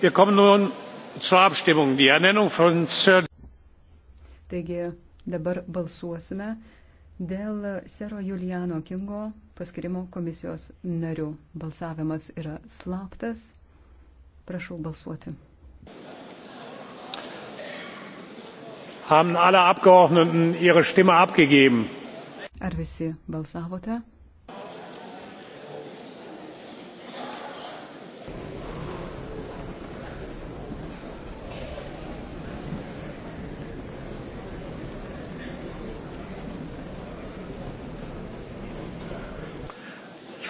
Wir kommen nun zur Abstimmung. Die Ernennung von Sir. Taigi dabar balsuosime dėl Sero Juliano Kingo paskirimo komisijos narių. Balsavimas yra slaptas. Prašau balsuoti. Haben alle Abgeordneten ihre Stimme abgegeben? Ar visi balsavote?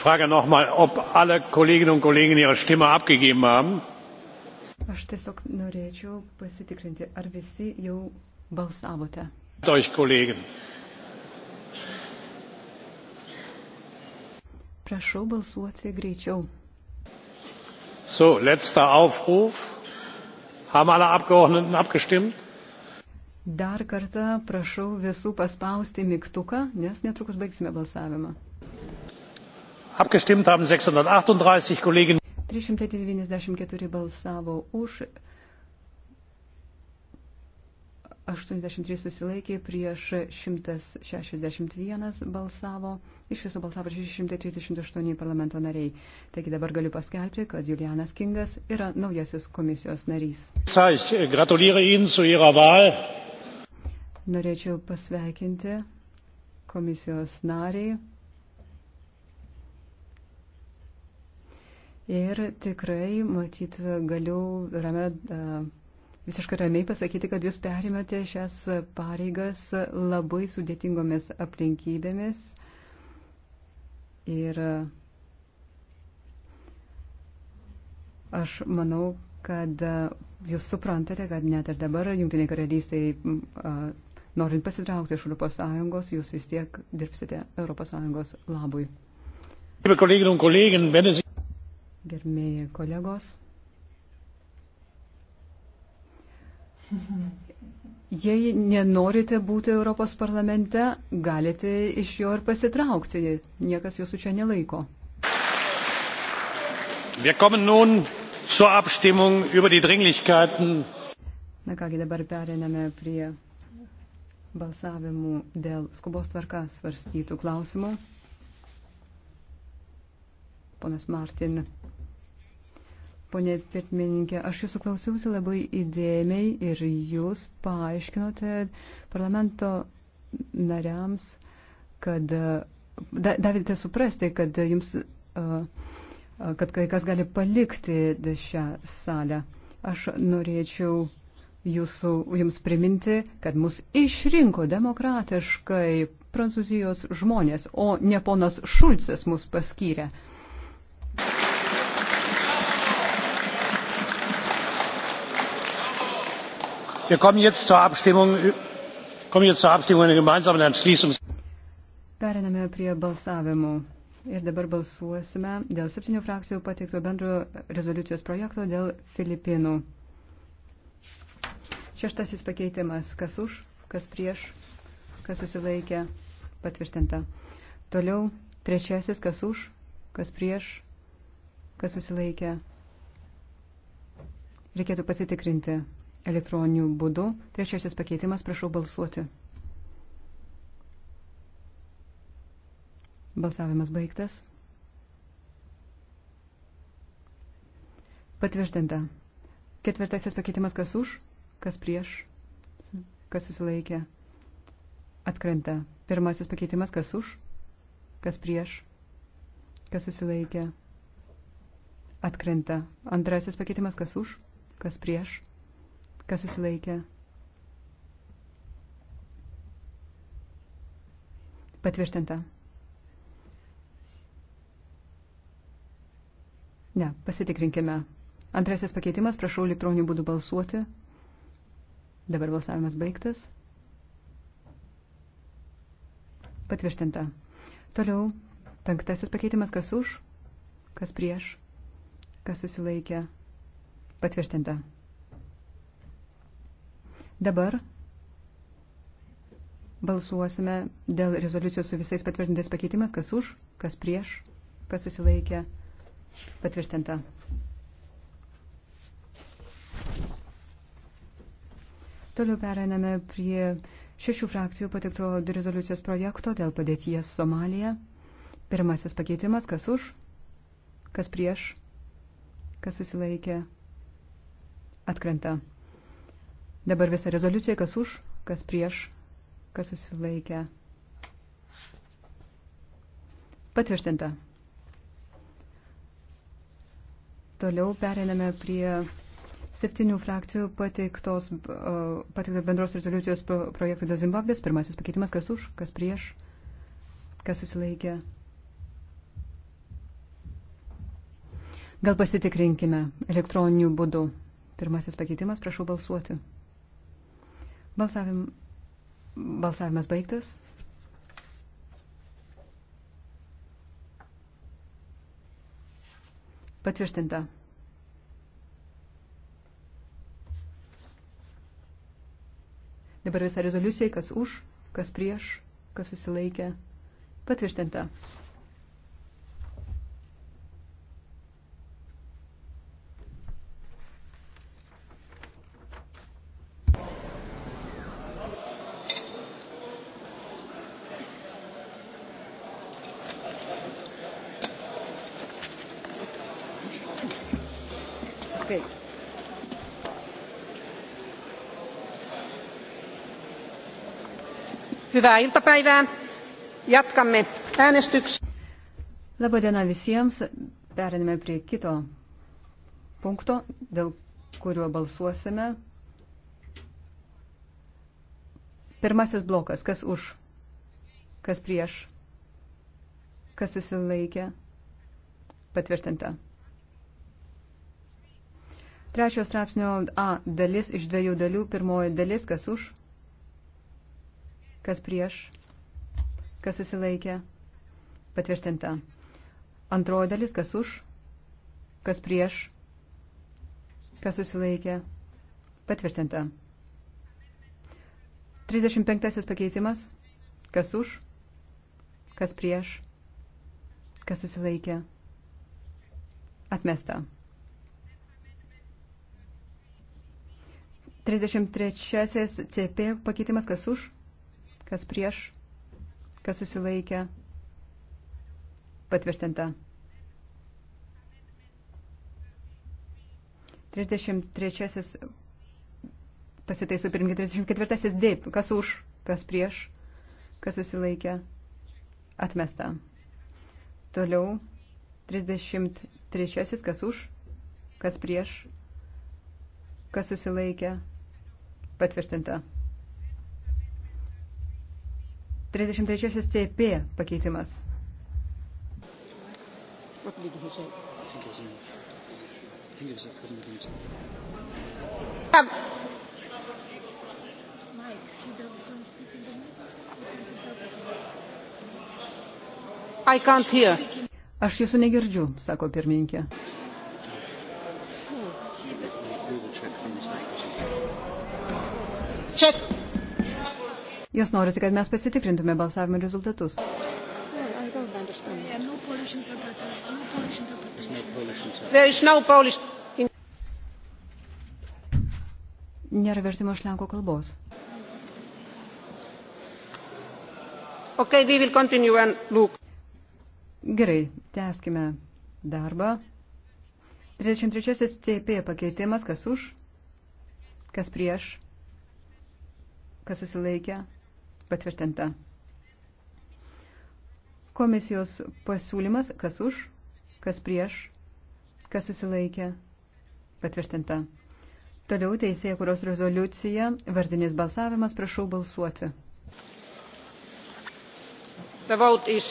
frage noch mal ob alle kolleginnen und kollegen ihre stimme abgegeben haben. Aš tiesiog norėčiau pasitikrinti, ar visi jau balsavote. Euch, Kollegen. Prašau balsuoti greičiau. So, letzter Aufruf. Haben alle Abgeordneten abgestimmt? Dar kartą prašau visų paspausti mygtuką, nes netrukus baigsime balsavimą. Abgestimmt haben 638 Kolleginnen. 394 balsavo už, 83 susilaikė, prieš 161 balsavo, iš viso balsavo 638 parlamento nariai. Taigi dabar galiu paskelbti, kad Julianas Kingas yra naujasis komisijos narys. Norėčiau pasveikinti komisijos nariai. Ir tikrai, matyt, galiu rame, visiškai ramiai pasakyti, kad jūs perimate šias pareigas labai sudėtingomis aplinkybėmis. Ir aš manau, kad jūs suprantate, kad net ir dabar Junktiniai karalystiai, norint pasitraukti iš Europos Sąjungos, jūs vis tiek dirbsite Europos Sąjungos labui. Liebe Kolleginnen und Kollegen, wenn es gerbėjai kolegos. Jei nenorite būti Europos parlamente, galite iš jo ir pasitraukti. Niekas jūsų čia nelaiko. Na kągi, dabar periname prie balsavimų dėl skubos tvarkas svarstytų klausimų. Ponas Martin. Pone pirmininkė, aš jūsų klausiausi labai įdėmiai ir jūs paaiškinote parlamento nariams, kad da, davėte suprasti, kad jums, kad kai kas gali palikti šią salę. Aš norėčiau jūsų, jums priminti, kad mus išrinko demokratiškai prancūzijos žmonės, o ne ponas Šulcas mus paskyrė. wir kommen jetzt zur abstimmung über den gemeinsamen entschließungsantrag. Periname prie balsavimų. Ir dabar balsuosime dėl septynių frakcijų pateikto bendro rezoliucijos projekto dėl Filipinų. Šeštasis pakeitimas. Kas už, kas prieš, kas susilaikė, patvirtinta. Toliau trečiasis. Kas už, kas prieš, kas susilaikė. Reikėtų pasitikrinti elektroniniu būdu. Trečiasis pakeitimas, prašau balsuoti. Balsavimas baigtas. Patvirtinta. Ketvirtasis pakeitimas, kas už, kas prieš, kas susilaikė. Atkrenta. Pirmasis pakeitimas, kas už, kas prieš, kas susilaikė. Atkrenta. Antrasis pakeitimas, kas už, kas prieš, Kas susilaikė? Patvirtinta. Ne, pasitikrinkime. Antrasis pakeitimas, prašau elektroninių būdų balsuoti. Dabar balsavimas baigtas. Patvirtinta. Toliau, penktasis pakeitimas, kas už, kas prieš, kas susilaikė. Patvirtinta. Dabar balsuosime dėl rezoliucijos su visais patvirtintais pakeitimas, kas už, kas prieš, kas susilaikė patvirtinta. Toliau pereiname prie šešių frakcijų patikto rezoliucijos projekto dėl padėties Somalija. Pirmasis pakeitimas, kas už, kas prieš, kas susilaikė, atkrenta. Dabar visa rezoliucija, kas už, kas prieš, kas susilaikė. Patvirtinta. Toliau pereiname prie septynių frakcijų pateiktos, pateiktos bendros rezoliucijos projektų dėl Zimbabvės. Pirmasis pakeitimas, kas už, kas prieš, kas susilaikė. Gal pasitikrinkime elektroniniu būdu. Pirmasis pakeitimas, prašau balsuoti. Balsavim, balsavimas baigtas. Patvirtinta. Dabar visa rezoliucija, kas už, kas prieš, kas susilaikė. Patvirtinta. Hyvää iltapäivää. Jatkamme äänestyksiä. Labą dieną visiems. Periname prie kito punkto, dėl kurio balsuosime. Pirmasis blokas. Kas už? Kas prieš? Kas susilaikė? Patvirtinta. Trečio straipsnio A dalis iš dviejų dalių. Pirmoji dalis, kas už, kas prieš, kas susilaikė, patvirtinta. Antroji dalis, kas už, kas prieš, kas susilaikė, patvirtinta. 35 pakeitimas, kas už, kas prieš, kas susilaikė, atmesta. 33 CP pakeitimas, kas už, kas prieš, kas susilaikė, patvirtinta. 33 pasitaisų pirmgi 34 dėp, kas už, kas prieš, kas susilaikė, atmesta. Toliau 33 kas už, kas prieš, kas susilaikė, patvirtinta. 33 CP pakeitimas. Aš jūsų negirdžiu, sako pirmininkė. Check Jūs norite, kad mes pasitikrintume balsavimo rezultatus. Nėra vertimo iš lenkų kalbos. Okay, Gerai, tęskime darbą. 33 CP pakeitimas, kas už, kas prieš, kas susilaikė, Patvirtinta. Komisijos pasiūlymas, kas už, kas prieš, kas susilaikė. Patvirtinta. Toliau teisėje, kurios rezoliucija, vardinis balsavimas, prašau balsuoti. The vote is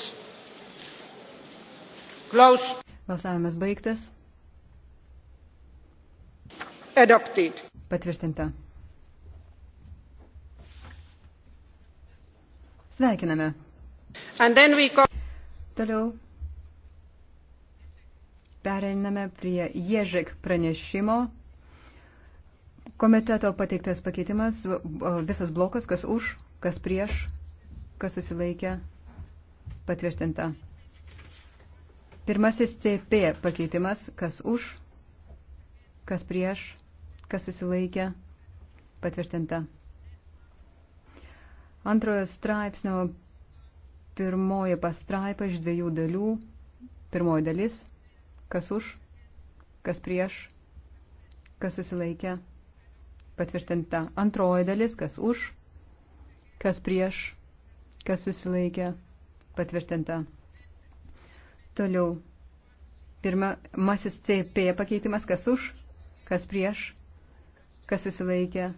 closed. Balsavimas baigtas. Adopted. Patvirtinta. Sveikiname. Go... Toliau pereiname prie Ježek pranešimo. Komiteto pateiktas pakeitimas, visas blokas, kas už, kas prieš, kas susilaikė, patvirtinta. Pirmasis CP pakeitimas, kas už, kas prieš, kas susilaikė, patvirtinta. Antrojo straipsnio pirmoji pastraipa iš dviejų dalių. Pirmoji dalis - kas už, kas prieš, kas susilaikė. Patvirtinta antroji dalis - kas už, kas prieš, kas susilaikė. Patvirtinta. Toliau. Pirmasis CP pakeitimas - kas už, kas prieš, kas susilaikė.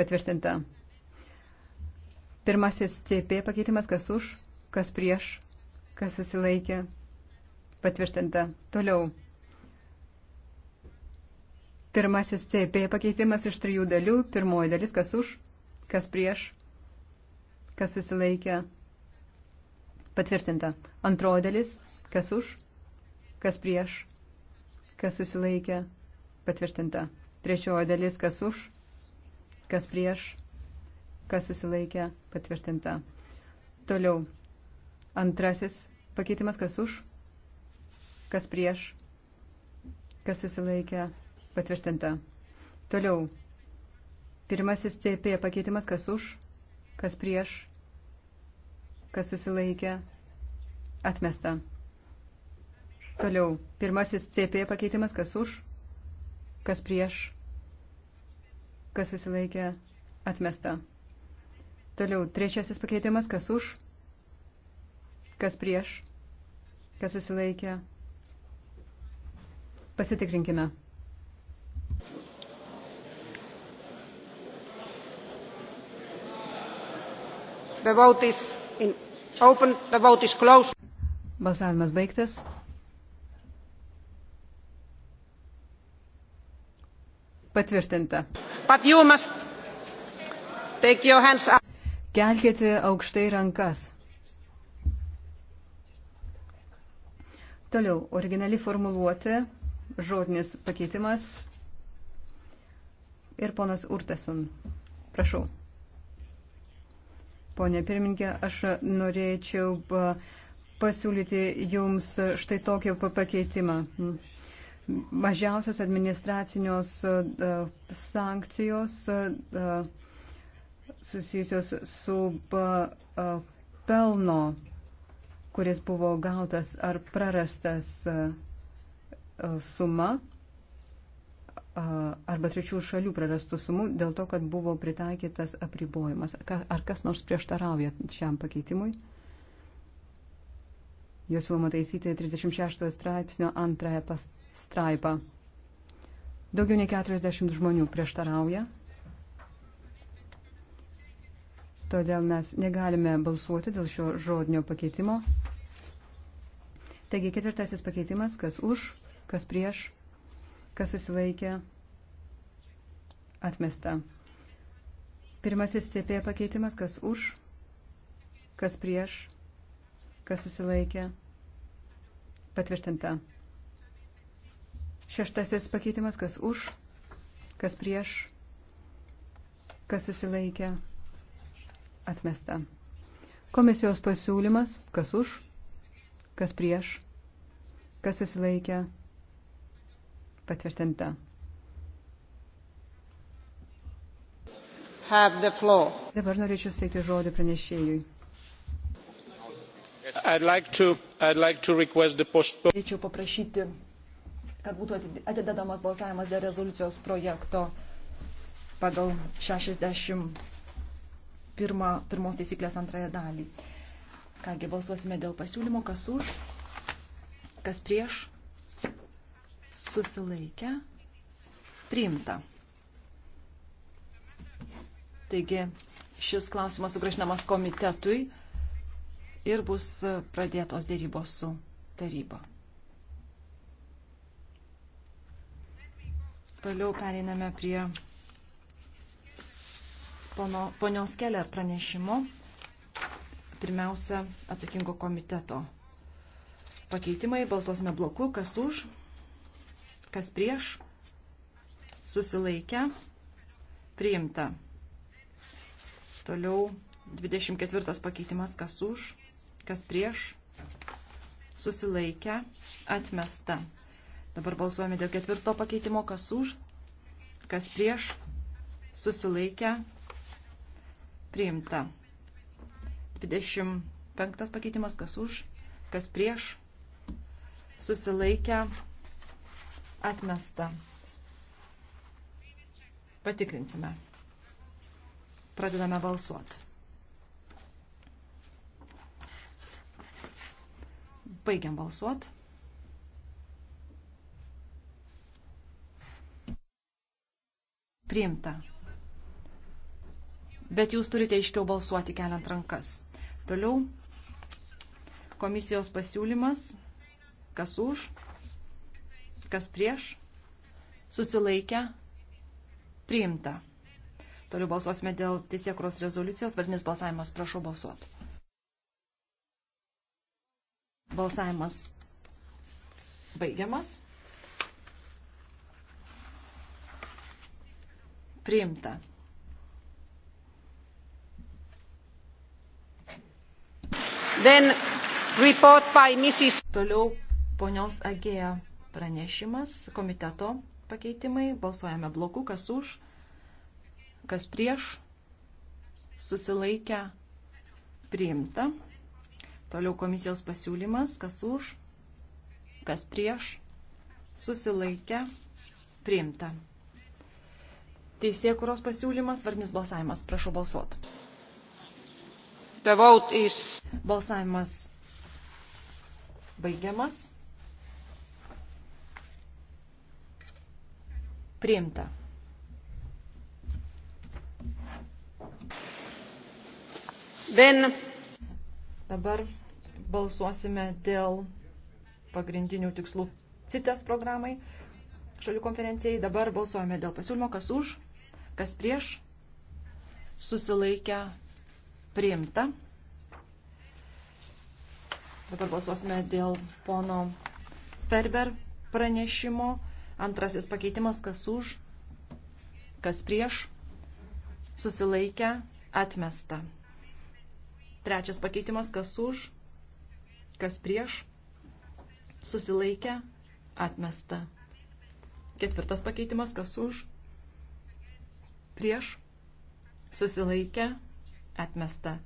Patvirtinta. Pirmasis CP pakeitimas, kas už, kas prieš, kas susilaikė. Patvirtinta. Toliau. Pirmasis CP pakeitimas iš trijų dalių. Pirmoji dalis, kas už, kas prieš, kas susilaikė. Patvirtinta. Antroji dalis, kas už, kas prieš, kas susilaikė. Patvirtinta. Trečioji dalis, kas už, kas prieš, kas susilaikė, patvirtinta. Toliau, antrasis pakeitimas, kas už, kas prieš, kas susilaikė, patvirtinta. Toliau, pirmasis CP pakeitimas, kas už, kas prieš, kas susilaikė, atmesta. Toliau, pirmasis CP pakeitimas, kas už, kas prieš, kas susilaikė, atmesta. Toliau, trečiasis pakeitimas, kas už, kas prieš, kas susilaikė. Pasitikrinkime. The vote is in open, the vote is closed. Balsavimas baigtas. Patvirtinta. But you must take your hands up. Kelkite aukštai rankas. Toliau, originali formuluotė, žodinis pakeitimas ir ponas Urteson. Prašau. Pone pirmininkė, aš norėčiau pasiūlyti Jums štai tokį pakeitimą. Mažiausios administracinios sankcijos. Uh, susijusios su pelno, kuris buvo gautas ar prarastas suma arba trečių šalių prarastų sumų dėl to, kad buvo pritaikytas apribojimas. Ar kas nors prieštarauja šiam pakeitimui? Jūs siūloma taisyti 36 straipsnio antrąją pastraipą. Daugiau nei 40 žmonių prieštarauja Todėl mes negalime balsuoti dėl šio žodinio pakeitimo. Taigi ketvirtasis pakeitimas, kas už, kas prieš, kas susilaikė, atmesta. Pirmasis CP pakeitimas, kas už, kas prieš, kas susilaikė, patvirtinta. Šeštasis pakeitimas, kas už, kas prieš, kas susilaikė, atmesta Atmesta. Komisijos pasiūlymas, kas už, kas prieš, kas susilaikė, patvirtinta. Dabar norėčiau steigti žodį pranešėjui. Like to, like Norėčiau paprašyti, kad būtų atidedamas balsavimas dėl rezoliucijos projekto pagal 60 pirmą, pirmos taisyklės antrąją dalį. Kągi, balsuosime dėl pasiūlymo, kas už, kas prieš, susilaikę, priimta. Taigi, šis klausimas sugražinamas komitetui ir bus pradėtos dėrybos su taryba. Toliau pereiname prie pono, ponios Keller pranešimo, pirmiausia, atsakingo komiteto pakeitimai, balsuosime bloku, kas už, kas prieš, susilaikę, priimta. Toliau 24 pakeitimas, kas už, kas prieš, susilaikę, atmesta. Dabar balsuojame dėl ketvirto pakeitimo, kas už, kas prieš, susilaikę, priimta. 25 pakeitimas, kas už, kas prieš, susilaikę, atmesta. Patikrinsime. Pradedame balsuoti. Baigiam balsuoti. Priimta bet jūs turite aiškiau balsuoti keliant rankas. Toliau komisijos pasiūlymas, kas už, kas prieš, susilaikę, priimta. Toliau balsuosime dėl teisėkros rezoliucijos, vardinis balsavimas, prašau balsuoti. Balsavimas baigiamas. Priimta. Then report by Mrs. Toliau ponios Agėja pranešimas, komiteto pakeitimai, balsuojame bloku, kas už, kas prieš, susilaikę, priimta. Toliau komisijos pasiūlymas, kas už, kas prieš, susilaikę, priimta. Teisėkuros pasiūlymas, varnis balsavimas, prašau balsuoti. Is... Balsavimas baigiamas. Priimta. Then... Dabar balsuosime dėl pagrindinių tikslų CITES programai šalių konferencijai. Dabar balsuojame dėl pasiūlymo, kas už, kas prieš, susilaikę priimta. Dabar balsuosime dėl pono Ferber pranešimo. Antrasis pakeitimas, kas už, kas prieš, susilaikę, atmesta. Trečias pakeitimas, kas už, kas prieš, susilaikę, atmesta. Ketvirtas pakeitimas, kas už, prieš, susilaikę, atmesta atmesta.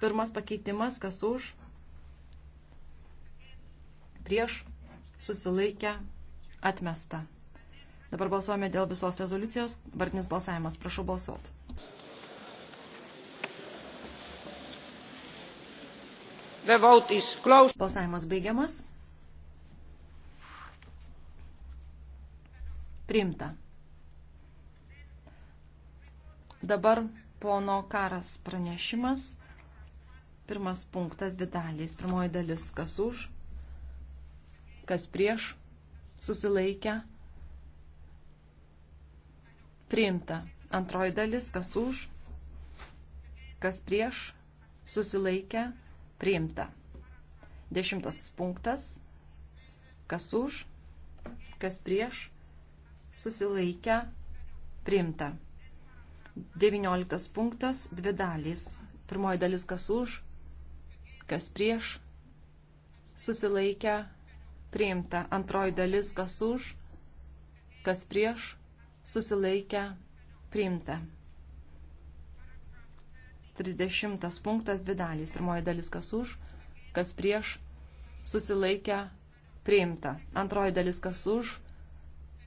Pirmas pakeitimas, kas už, prieš, susilaikę, atmesta. Dabar balsuojame dėl visos rezoliucijos. Vardinis balsavimas. Prašau balsuoti. The vote is closed. Balsavimas baigiamas. Priimta. Dabar pono karas pranešimas. Pirmas punktas dvi dalys. Pirmoji dalis kas už, kas prieš, susilaikę, priimta. Antroji dalis kas už, kas prieš, susilaikę, priimta. Dešimtas punktas kas už, kas prieš, susilaikę, priimta. 19 punktas, dvi dalys. Pirmoji dalis kas už, kas prieš, susilaikę, priimta. Antroji dalis kas už, kas prieš, susilaikę, priimta. 30 punktas, dvi dalys. Pirmoji dalis kas už, kas prieš, susilaikę, priimta. Antroji dalis kas už,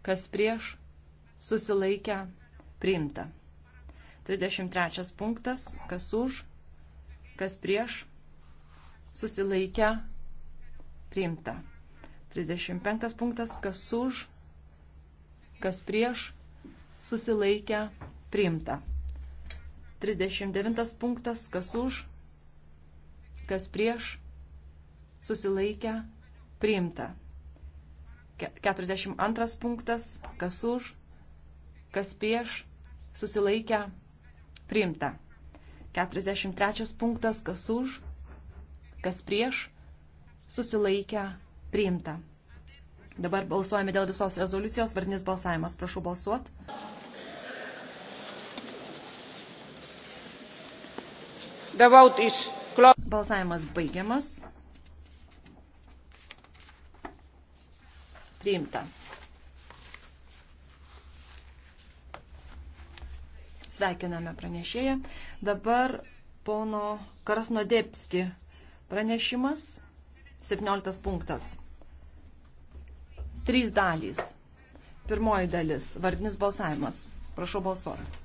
kas prieš, susilaikę, priimta. 33 punktas, kas už, kas prieš, susilaikę, priimta. 35 punktas, kas už, kas prieš, susilaikę, priimta. 39 punktas, kas už, kas prieš, susilaikę, priimta. 42 punktas, kas už, kas prieš, susilaikę, priimta priimta. 43 punktas, kas už, kas prieš, susilaikę, priimta. Dabar balsuojame dėl visos rezoliucijos, vardinis balsavimas. Prašau balsuoti. Balsavimas baigiamas. Priimta. Sveikiname pranešėją. Dabar pono Krasnodėpski pranešimas 17 punktas. Trys dalys. Pirmoji dalis - vardinis balsavimas. Prašau balsuoti.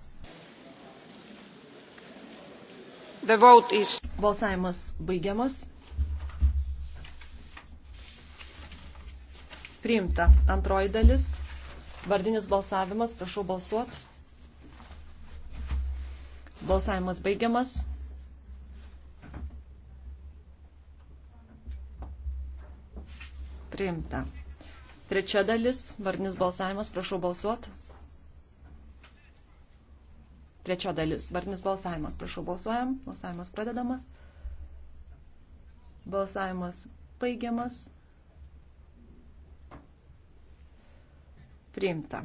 Is... Balsavimas baigiamas. Priimta antroji dalis. Vardinis balsavimas. Prašau balsuoti. Balsavimas baigiamas. Priimta. Trečia dalis, vardinis balsavimas, prašau balsuot. Trečia dalis, vardinis balsavimas, prašau balsuojam. Balsavimas pradedamas. Balsavimas baigiamas. Priimta.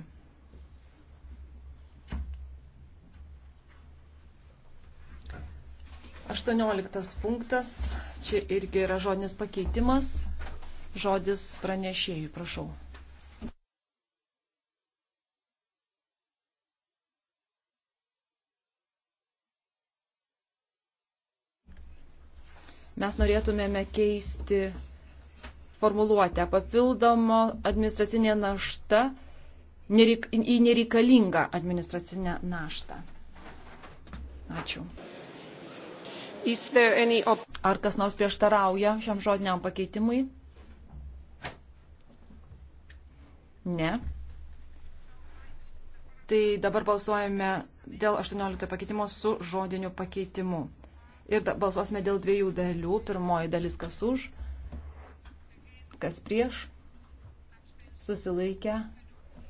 18 punktas. Čia irgi yra žodinis pakeitimas. Žodis pranešėjų, prašau. Mes norėtumėme keisti formuluotę papildomo administracinė našta nereik, į nereikalingą administracinę naštą. Ačiū any... Ar kas nors prieštarauja šiam žodiniam pakeitimui? Ne. Tai dabar balsuojame dėl 18 pakeitimo su žodiniu pakeitimu. Ir da, balsuosime dėl dviejų dalių. Pirmoji dalis kas už, kas prieš, susilaikę,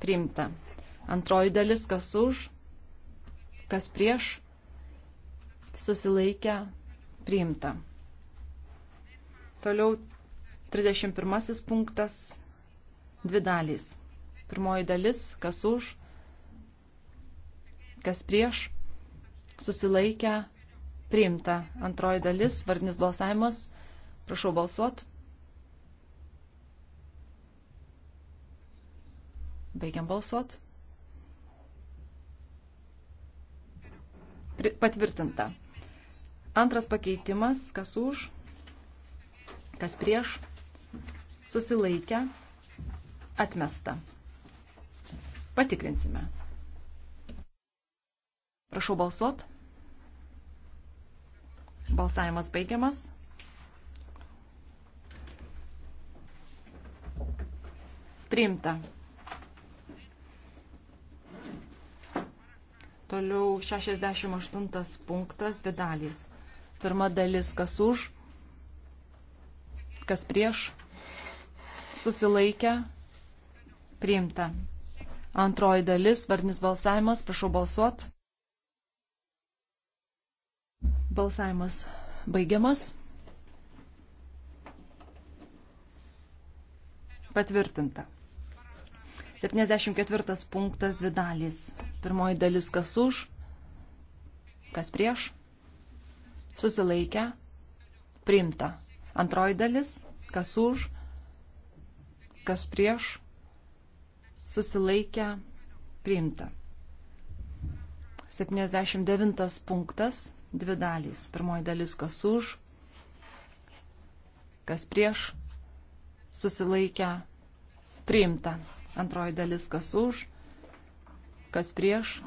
priimta. Antroji dalis kas už, kas prieš, susilaikę, priimta. Toliau 31 punktas, dvi dalys. Pirmoji dalis, kas už, kas prieš, susilaikę, priimta. Antroji dalis, vardinis balsavimas, prašau balsuot. Baigiam balsuot. Patvirtinta. Antras pakeitimas, kas už, kas prieš, susilaikę, atmesta. Patikrinsime. Prašau balsuot. Balsavimas baigiamas. Priimta. Toliau 68 punktas, dvi dalys. Pirma dalis, kas už, kas prieš, susilaikę, priimta. Antroji dalis, vardinis balsavimas, prašau balsuot. Balsavimas baigiamas. Patvirtinta. 74 punktas dvi dalys. Pirmoji dalis kas už, kas prieš, susilaikę, priimta. Antroji dalis, kas už, kas prieš, susilaikę, priimta. 79 punktas, dvi dalys. Pirmoji dalis, kas už, kas prieš, susilaikę, priimta. Antroji dalis, kas už, kas prieš,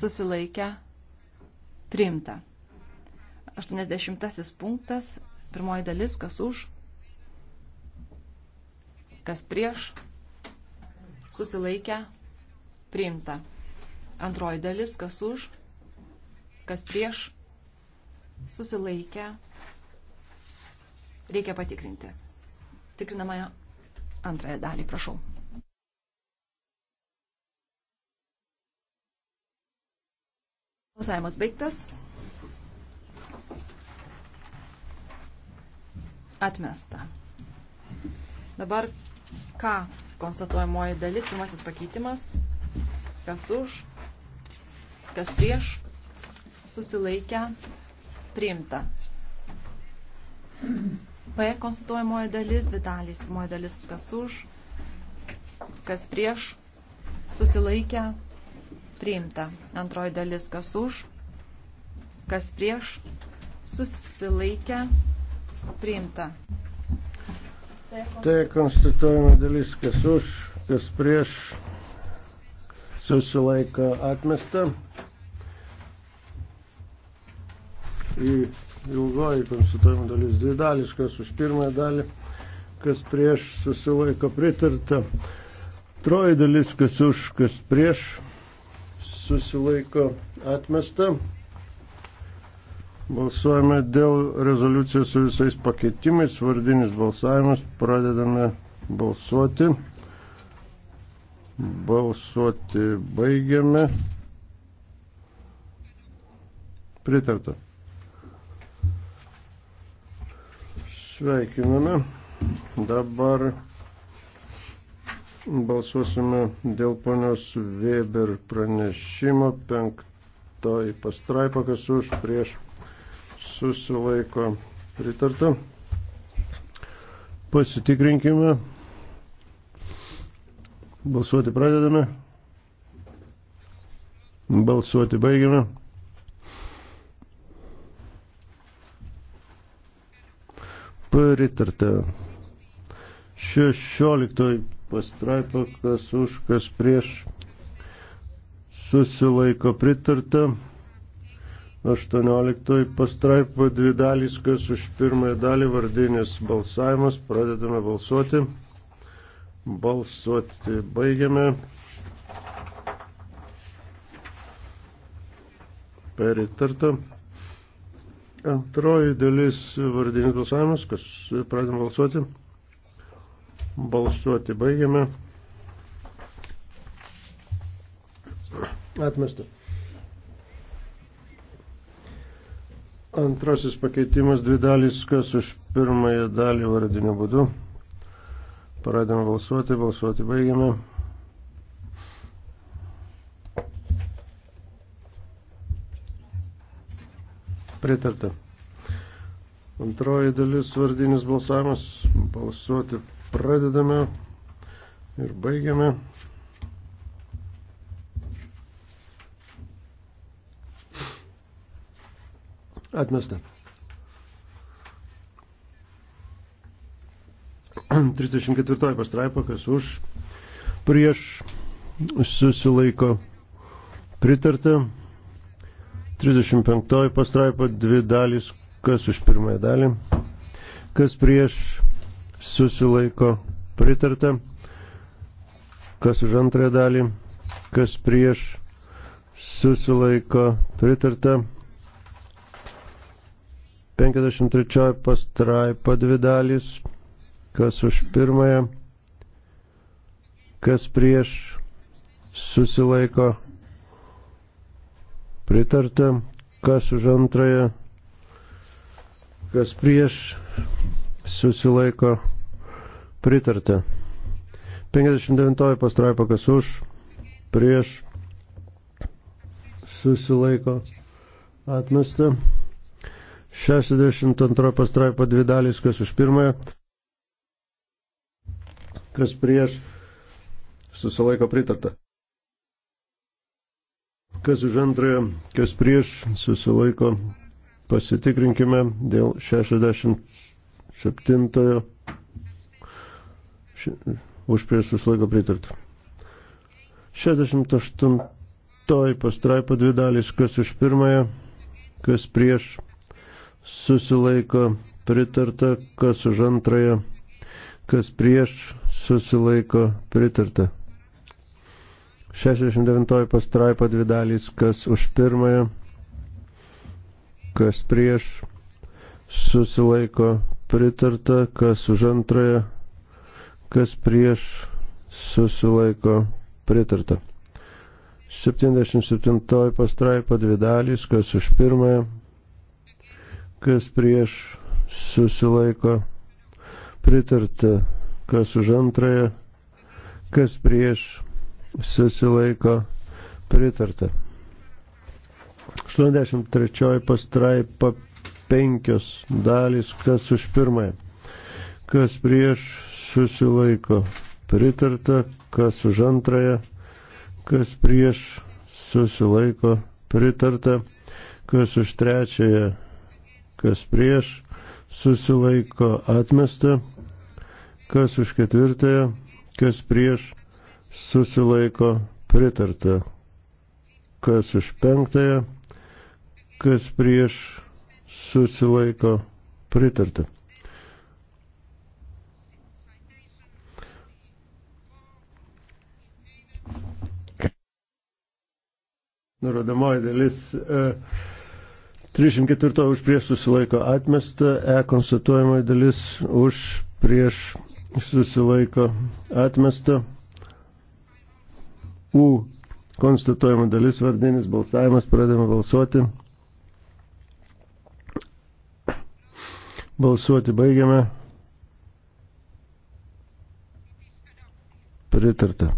susilaikę, priimta. 80 punktas, pirmoji dalis, kas už, kas prieš, susilaikę, priimta. Antroji dalis, kas už, kas prieš, susilaikę, reikia patikrinti. Tikrinamąją antrąją dalį, prašau. Balsavimas baigtas. Atmesta. Dabar ką konstatuojamoji dalis, pirmasis pakeitimas, kas už, kas prieš, susilaikę, priimta. P konstatuojamoji dalis, dvi dalys, pirmoji dalis, kas už, kas prieš, susilaikę, priimta. Antroji dalis, kas už, kas prieš, susilaikę, priimta Priimta. Tai konstatuojama dalis, kas už, kas prieš, susilaiko atmesta. Į ilgoji konstatuojama dalis dvi dalis, kas už pirmąją dalį, kas prieš, susilaiko pritarta. Troji dalis, kas už, kas prieš, susilaiko atmesta. Balsuojame dėl rezoliucijos su visais pakeitimais, vardinis balsavimas, pradedame balsuoti. Balsuoti baigiame. Pritarta. Sveikiname. Dabar balsuosime dėl ponios Weber pranešimo penktoji pastraipa, kas už prieš susilaiko pritarta. Pasitikrinkime. Balsuoti pradedame. Balsuoti baigiame. Pritarta. 16 pastraipa, kas už, kas prieš. Susilaiko pritarta. 18 pastraipo dvi dalys, kas už pirmąją dalį vardinis balsavimas. Pradedame balsuoti. Balsuoti baigiame. Peritarta. Antroji dalis vardinis balsavimas, kas pradedame balsuoti. Balsuoti baigiame. Atmestas. Antrasis pakeitimas dvi dalys, kas už pirmąją dalį vardiniu būdu. Pradėme balsuoti, balsuoti baigiame. Pritarta. Antroji dalis vardinis balsavimas. Balsuoti pradedame ir baigiame. Atmesta. 34 pastraipa, kas už, prieš susilaiko pritarta. 35 pastraipa, dvi dalys, kas už pirmąją dalį, kas prieš susilaiko pritarta, kas už antrąją dalį, kas prieš susilaiko pritarta. 53 pastraipa dvi dalys, kas už pirmąją, kas prieš susilaiko pritarta, kas už antrąją, kas prieš susilaiko pritarta. 59 pastraipa, kas už, prieš susilaiko atmesta. 62 pastraipa dvi dalys, kas už pirmąją, kas prieš, susilaiko pritarta. Kas už antrąją, kas prieš, susilaiko. Pasitikrinkime dėl 67 už prieš susilaiko pritarta. 68 pastraipa dvi dalys, kas už pirmąją, kas prieš, susilaiko pritarta, kas už antrąją, kas prieš susilaiko pritarta. 69 pastraipa dvi dalys, kas už pirmąją, kas prieš susilaiko pritarta, kas už antrąją, kas prieš susilaiko pritarta. 77 pastraipa dvi dalys, kas už pirmąją, kas prieš susilaiko pritarta, kas už antrąją, kas prieš susilaiko pritarta. 83 pastraipa penkios dalys, kas už pirmąją, kas prieš susilaiko pritarta, kas už antrąją, kas prieš susilaiko pritarta, kas už trečiąją kas prieš, susilaiko atmesta, kas už ketvirtąją, kas prieš, susilaiko pritarta, kas už penktąją, kas prieš, susilaiko pritarta. Nurodomoji dalis e, 34 už prieš susilaiko atmesta, E konstatuojamoji dalis už prieš susilaiko atmesta. U konstatuojama dalis vardinis balsavimas, pradėjome balsuoti. Balsuoti baigiame. Pritarta.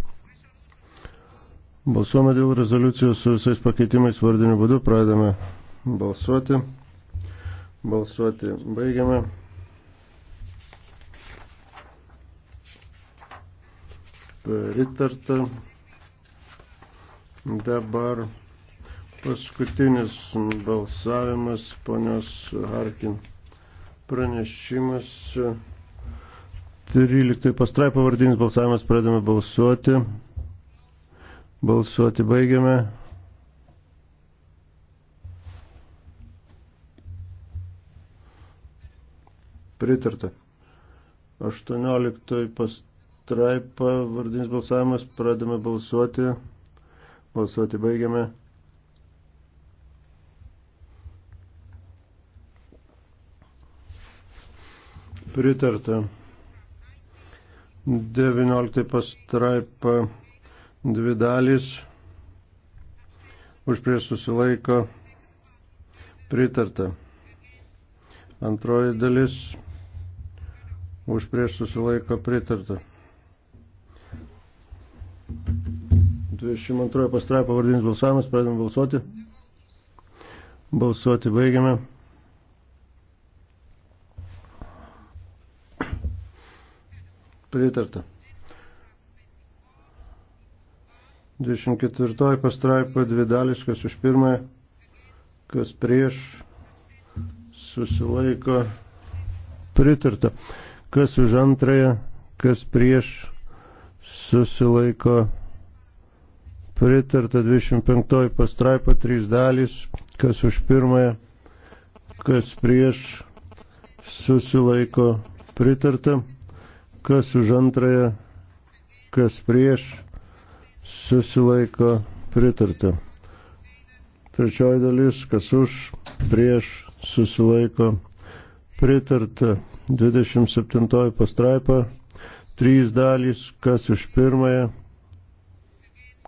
Balsuome dėl rezoliucijos su visais pakeitimais vardiniu būdu, pradėjome balsuoti. Balsuoti baigiame. Pritarta. Dabar paskutinis balsavimas ponios Harkin pranešimas. 13 pastraipo vardinis balsavimas pradame balsuoti. Balsuoti baigiame. Pritarta. 18 pastraipa vardinis balsavimas. Pradame balsuoti. Balsuoti baigiame. Pritarta. 19 pastraipa dvi dalys. Už prieš susilaiko pritarta. Antroji dalis už prieš susilaiko pritarta. 22 pastraipo vardinis balsavimas, pradėm balsuoti. Balsuoti baigiame. Pritarta. 24 pastraipo dvi dalis, kas už pirmąją, kas prieš susilaiko pritarta kas už antrąją, kas prieš susilaiko pritarta 25 pastraipa 3 dalys, kas už pirmąją, kas prieš susilaiko pritarta, kas už antrąją, kas prieš susilaiko pritarta. Trečioji dalis, kas už, prieš, susilaiko, pritarta. 27 pastraipa, trys dalys, kas už pirmąją,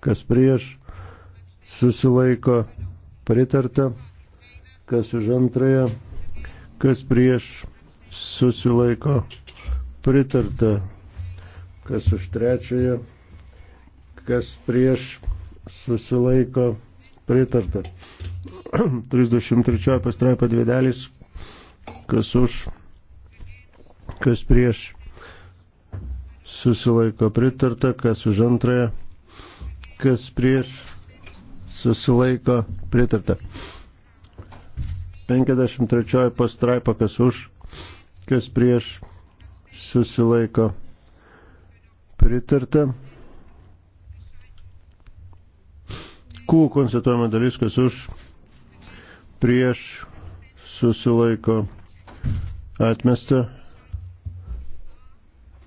kas prieš, susilaiko pritarta, kas už antrąją, kas prieš, susilaiko pritarta, kas už trečiąją, kas prieš, susilaiko pritarta. 33 pastraipa dvi dalys, kas už kas prieš susilaiko pritarta, kas už antrąją, kas prieš susilaiko pritarta. 53 pastraipa, kas už, kas prieš susilaiko pritarta. Q konstatuojama dalis, kas už, prieš susilaiko atmesta.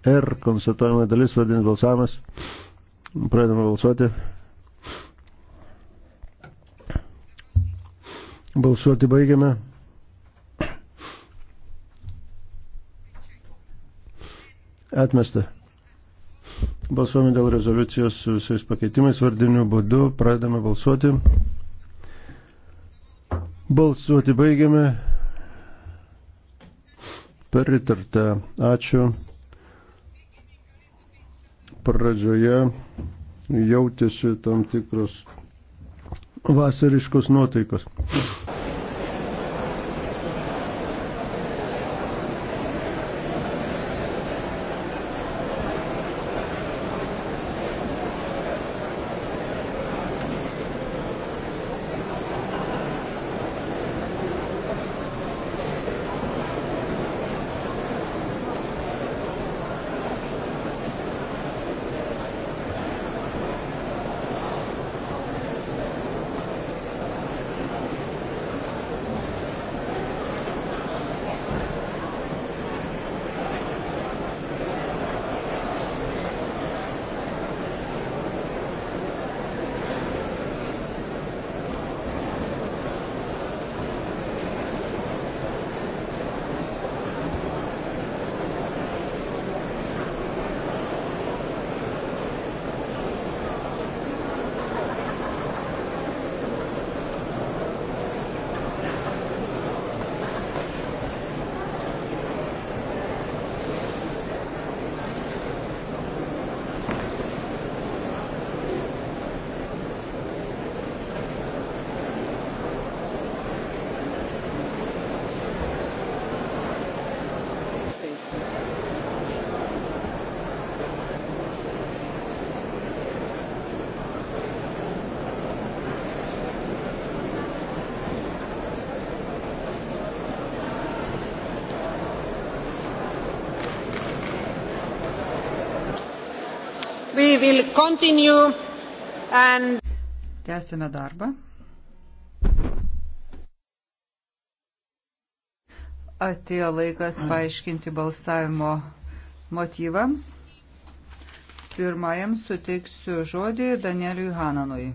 R konstatuojama dalis, vadinis balsavimas. Pradedame balsuoti. Balsuoti baigiame. Atmesta. Balsuojame dėl rezoliucijos su visais pakeitimais vardiniu būdu. Pradedame balsuoti. Balsuoti baigiame. Peritarta. Ačiū pradžioje jautėsi tam tikros vasariškos nuotaikos. will continue and... Tęsime darbą. Atėjo laikas paaiškinti balsavimo motyvams. Pirmajam suteiksiu žodį Danieliui Hananui.